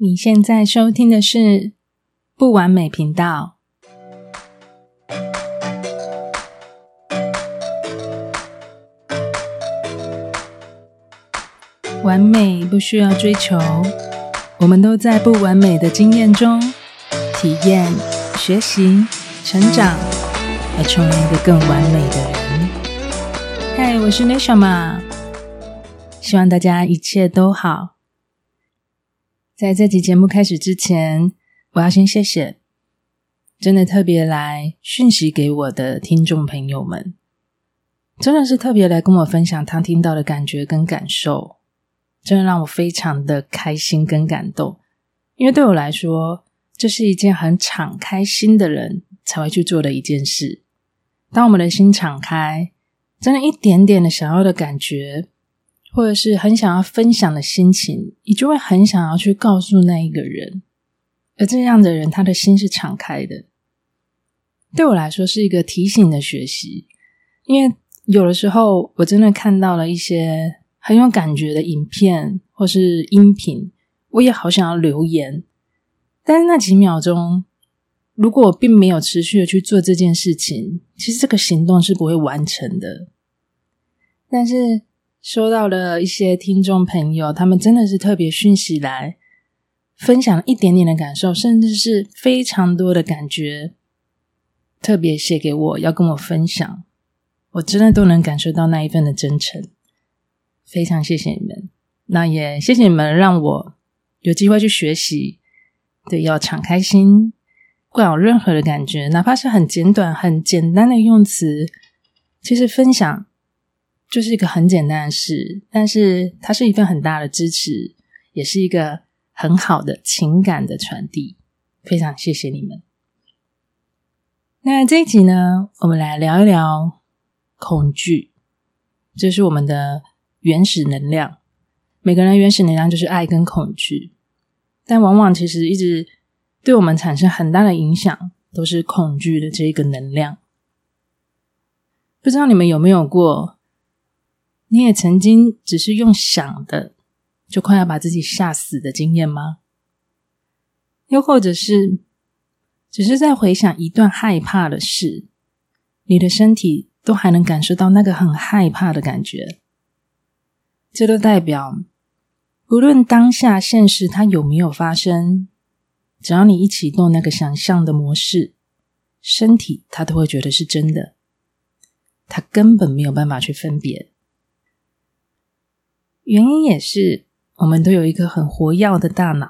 你現在收聽的是《不完美頻道》。完美不需要追求，我們都在不完美的經驗中體驗、學習、成長，而成為一個更完美的人。嗨， Hi, 我是內夏瑪，希望大家一切都好。在這集節目開始之前，我要先謝謝，真的特別來訊息給我的聽眾朋友們，真的是特別來跟我分享他聽到的感覺跟感受，真的讓我非常的開心跟感動，因為對我來說，這是一件很敞開心的人才會去做的一件事。當我們的心敞開，真的，一點點的想要的感覺。或者是很想要分享的心情，你就會很想要去告訴那一個人。而這樣的人，他的心是敞開的。對我來說，是一個提醒的學習，因為有的時候我真的看到了一些很有感覺的影片或是音頻，我也好想要留言。但是那幾秒鐘，如果我並沒有持續的去做這件事情，其實這個行動是不會完成的。但是。收到了一些聽眾朋友，他們真的是特別訊息來分享一點點的感受，甚至是非常多的感覺，特別寫給我要跟我分享，我真的都能感受到那一份的真誠，非常謝謝你們，那也謝謝你們讓我有機會去學習，對，要敞開心，不管任何的感覺，哪怕是很簡短、很簡單的用詞，其實分享。就是一個很簡單的事，但是它是一份很大的支持，也是一個很好的情感的傳遞。非常謝謝你們。那這一集呢，我們來聊一聊恐懼，這是我們的原始能量。每個人的原始能量就是愛跟恐懼，但往往其實一直對我們產生很大的影響，都是恐懼的這個能量。不知道你們有沒有過？你也曾經只是用想的，就快要把自己嚇死的經驗嗎？又或者是，只是在回想一段害怕的事，你的身體都還能感受到那個很害怕的感覺。這都代表，不論當下現實它有沒有發生，只要你一啟動那個想象的模式，身體它都會覺得是真的，它根本沒有辦法去分別。原因也是，我們都有一個很活躍的大腦，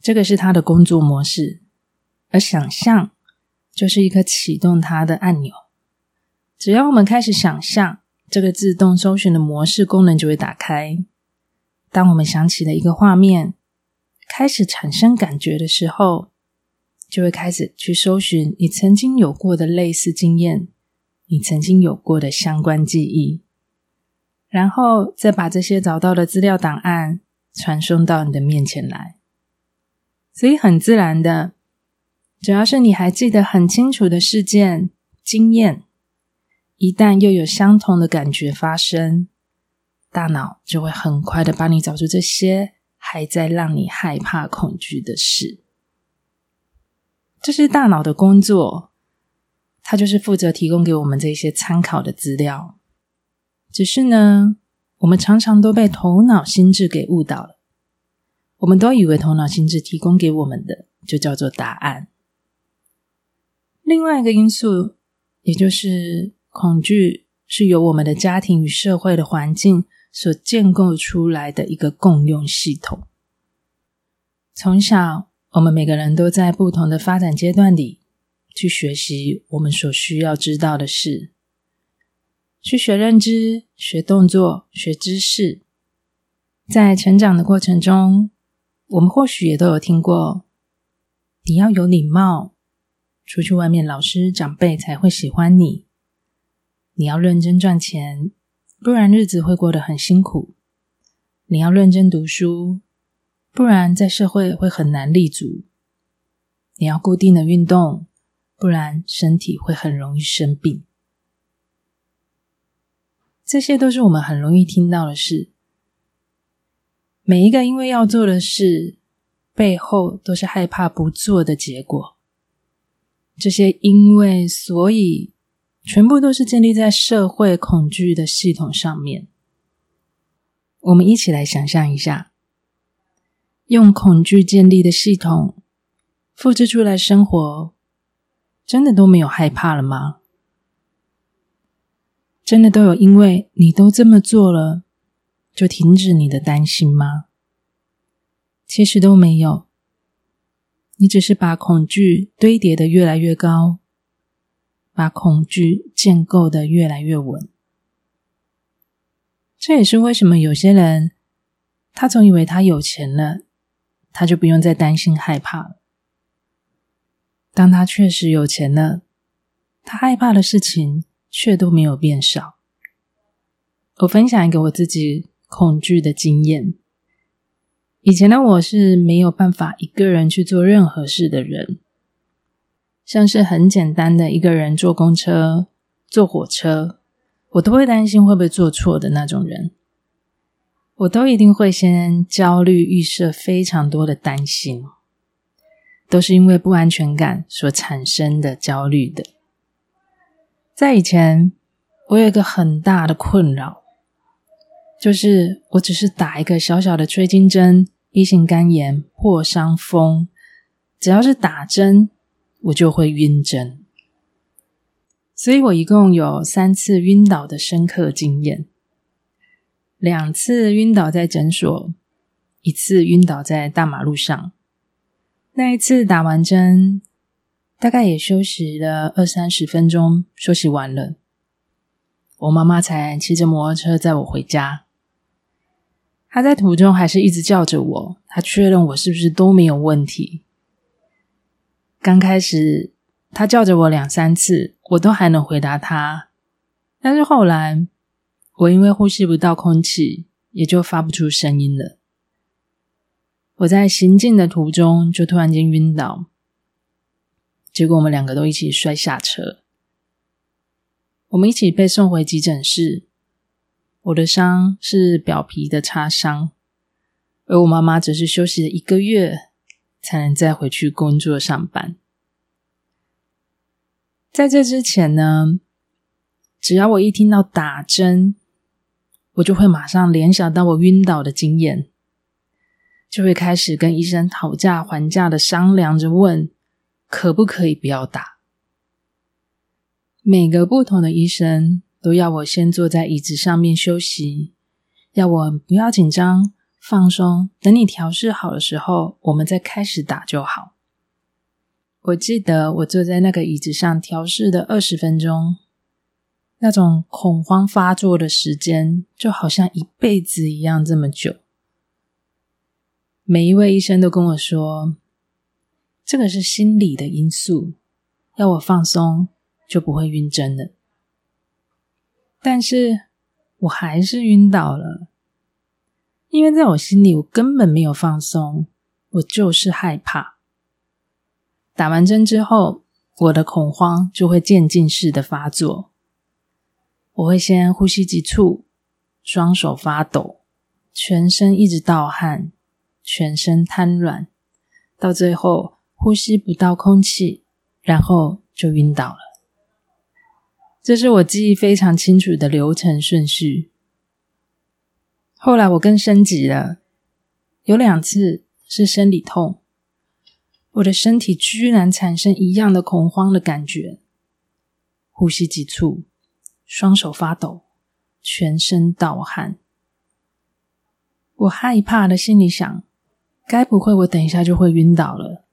這個是它的工作模式，而想象就是一顆啟動它的按鈕。只要我們開始想象，這個自動搜尋的模式功能就會打開。當我們想起了一個畫面，開始產生感覺的時候，就會開始去搜尋你曾經有過的類似經驗，你曾經有過的相關記憶。然後再把這些找到的資料檔案傳送到你的面前來，所以很自然的，只要是你還記得很清楚的事件經驗，一旦又有相同的感覺發生，大腦就會很快的幫你找出這些還在讓你害怕恐懼的事。這是大腦的工作，它就是負責提供給我們這些參考的資料。只是呢，我們常常都被頭腦心智給誤導了。我們都以為頭腦心智提供給我們的就叫做答案。另外一個因素，也就是恐懼，是由我們的家庭與社會的環境所建構出來的一個共用系統。從小，我們每個人都在不同的發展階段裡去學習我們所需要知道的事。去學認知、學動作、學知識，在成長的過程中，我們或許也都有聽過：你要有禮貌，出去外面，老師長輩才會喜歡你；你要認真賺錢，不然日子會過得很辛苦；你要認真讀書，不然在社會會很難立足；你要固定的運動，不然身體會很容易生病。這些都是我們很容易聽到的事。每一個因為要做的事，背後都是害怕不做的結果。這些因為所以，全部都是建立在社會恐懼的系統上面。我們一起來想象一下，用恐懼建立的系統複製出來生活，真的都沒有害怕了嗎？真的都有，因為你都這麼做了，就停止你的擔心嗎？其實都沒有。你只是把恐懼堆疊的越來越高，把恐懼建構的越來越穩。這也是為什麼有些人，他總以為他有錢了，他就不用再擔心害怕了。當他確實有錢了，他害怕的事情，卻都沒有變少。我分享一個我自己恐懼的經驗。以前的我是沒有辦法一個人去做任何事的人，像是很簡單的一個人坐公車、坐火車，我都會擔心會不會坐錯的那種人。我都一定會先焦慮預設非常多的擔心，都是因為不安全感所產生的焦慮的。在以前，我有一個很大的困擾，就是我只是打一個小小的吹筋針、乙型肝炎、破傷風，只要是打針，我就會暈針。所以我一共有三次暈倒的深刻經驗：兩次暈倒在診所，一次暈倒在大馬路上。那一次打完針，大概也休息了二三十分鐘，休息完了，我媽媽才騎着摩托車載我回家。她在途中還是一直叫着我，她確認我是不是都沒有問題。剛開始，她叫着我兩三次，我都還能回答她。但是後來，我因為呼吸不到空氣，也就發不出聲音了。我在行進的途中就突然間暈倒。結果我們兩個都一起摔下車，我們一起被送回急診室。我的傷是表皮的擦傷，而我媽媽只是休息了一個月才能再回去工作上班。在這之前呢，只要我一聽到打針，我就會馬上聯想到我暈倒的經驗，就會開始跟醫生討價還價的商量着問。可不可以不要打？每個不同的醫生都要我先坐在椅子上面休息，要我不要緊張、放鬆。等你調試好的時候，我們再開始打就好。我記得我坐在那個椅子上調試的二十分鐘，那種恐慌發作的時間就好像一輩子一樣這麼久。每一位醫生都跟我說。這個是心理的因素，要我放鬆就不會暈針了。但是我還是暈倒了，因為在我心裡我根本沒有放鬆，我就是害怕。打完針之後，我的恐慌就會漸進式的發作，我會先呼吸急促，雙手發抖，全身一直盜汗，全身癱軟，到最後。呼吸不到空氣，然後就暈倒了。這是我記憶非常清楚的流程順序。後來我更升級了，有兩次是生理痛，我的身體居然產生一樣的恐慌的感覺，呼吸急促，雙手發抖，全身盜汗。我害怕的心裡想：該不會我等一下就會暈倒了？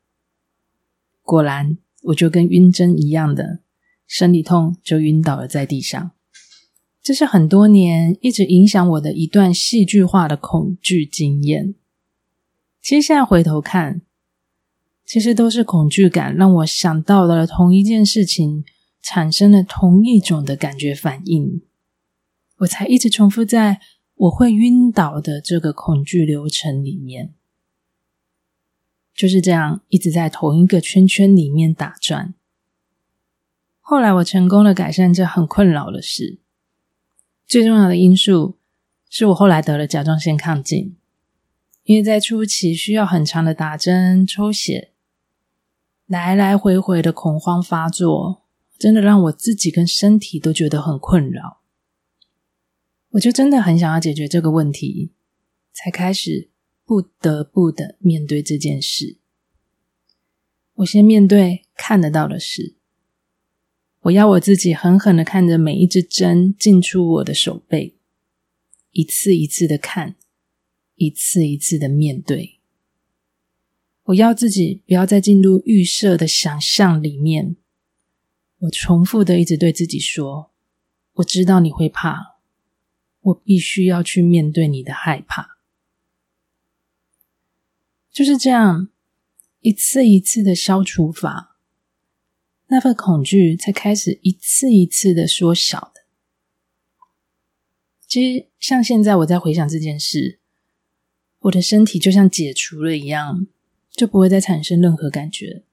果然，我就跟暈針一樣的生理痛，就暈倒了在地上。這是很多年一直影響我的一段戲劇化的恐懼經驗。接下來回頭看，其實都是恐懼感讓我想到了同一件事情，產生了同一種的感覺反應，我才一直重複在我會暈倒的這個恐懼流程裡面。就是這樣，一直在同一個圈圈裡面打轉。後來我成功的改善這很困擾的事，最重要的因素是我後來得了甲狀腺亢進，因為在初期需要很長的打針、抽血，來來回回的恐慌發作，真的讓我自己跟身體都覺得很困擾。我就真的很想要解決這個問題，才開始。不得不的面對這件事，我先面對看得到的事。我要我自己狠狠的看着每一支針進出我的手背，一次一次的看，一次一次的面對。我要自己不要再進入預設的想象裡面。我重複的一直對自己說：“我知道你會怕，我必須要去面對你的害怕。”就是這樣，一次一次的消除法，那份恐懼才開始一次一次的縮小的。其實，像現在我在回想這件事，我的身體就像解除了一樣，就不會再產生任何感覺。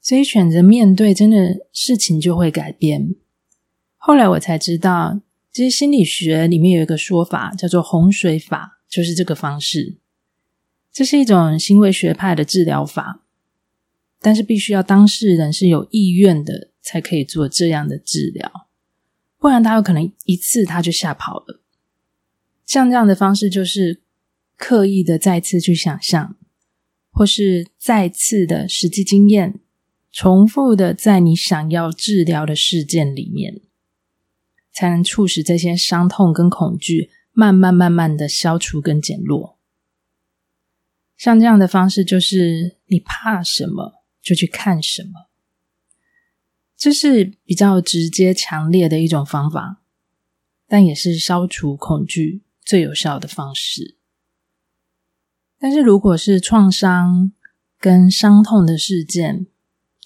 所以，選擇面對，真的，事情就會改變。後來我才知道，其實心理學裡面有一個說法叫做“洪水法”，就是這個方式。這是一種行為學派的治療法，但是必須要當事人是有意願的，才可以做這樣的治療。不然，他有可能一次他就嚇跑了。像這樣的方式，就是刻意的再次去想象，或是再次的實際經驗，重複的在你想要治療的事件裡面，才能促使這些傷痛跟恐懼慢慢慢慢的消除跟減弱。像這樣的方式，就是你怕什麼就去看什麼，這是比較直接、強烈的一種方法，但也是消除恐懼最有效的方式。但是，如果是創傷跟傷痛的事件，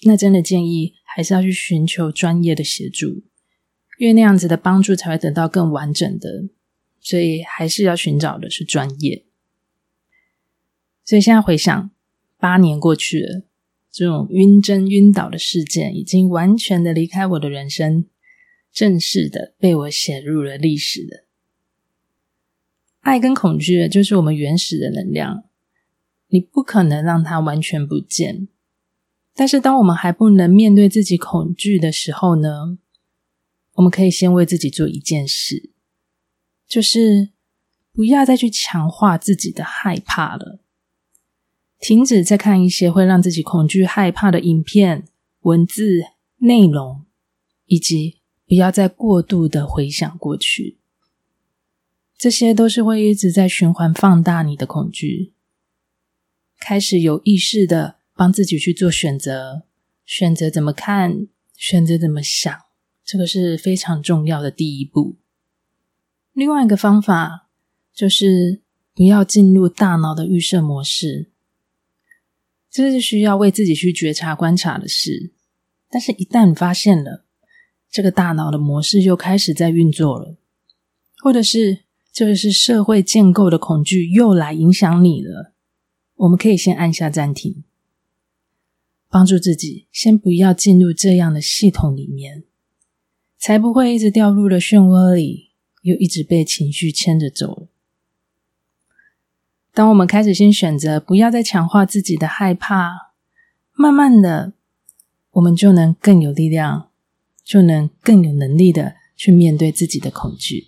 那真的建議還是要去尋求專業的協助，因為那樣子的幫助才會得到更完整的。所以，還是要尋找的是專業。所以現在回想，八年過去了，這種暈針暈倒的事件已經完全的離開我的人生，正式的被我寫入了歷史了。愛跟恐懼，就是我們原始的能量，你不可能讓它完全不見。但是，當我們還不能面對自己恐懼的時候呢，我們可以先為自己做一件事，就是不要再去強化自己的害怕了。停止再看一些會讓自己恐懼害怕的影片、文字、內容，以及不要再過度的回想過去，這些都是會一直在循環放大你的恐懼。開始有意識的幫自己去做選擇，選擇怎麼看，選擇怎麼想，這個是非常重要的第一步。另外一個方法就是不要進入大腦的預設模式。這是需要為自己去覺察、觀察的事，但是，一旦發現了這個大腦的模式又開始在運作了，或者是這個是社會建構的恐懼又來影響你了，我們可以先按下暫停，幫助自己先不要進入這樣的系統裡面，才不會一直掉入了漩渦裡，又一直被情緒牽着走。當我們開始先選擇，不要再強化自己的害怕，慢慢的，我們就能更有力量，就能更有能力的去面對自己的恐懼。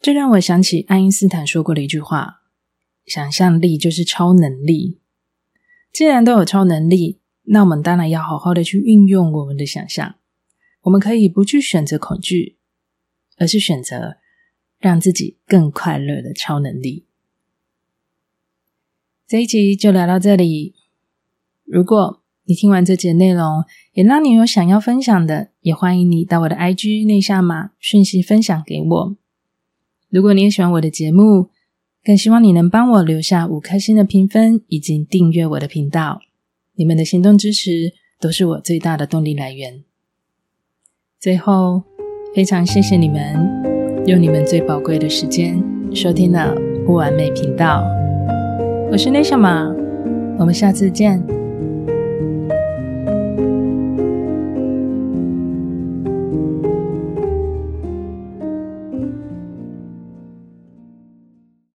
這讓我想起愛因斯坦說過的一句話：“想象力就是超能力。”既然都有超能力，那我們當然要好好的去運用我們的想象。我們可以不去選擇恐懼，而是選擇。讓自己更快樂的超能力。這一集就聊到這裡。如果你聽完這集內容，也讓你有想要分享的，也歡迎你到我的 IG 內夏瑪訊息分享給我。如果你也喜歡我的節目，更希望你能幫我留下五顆星的評分以及訂閱我的頻道。你們的行動支持都是我最大的動力來源。最後，非常謝謝你們。用你們最寶貴的時間收聽了不完美頻道，我是內夏瑪，我們下次見。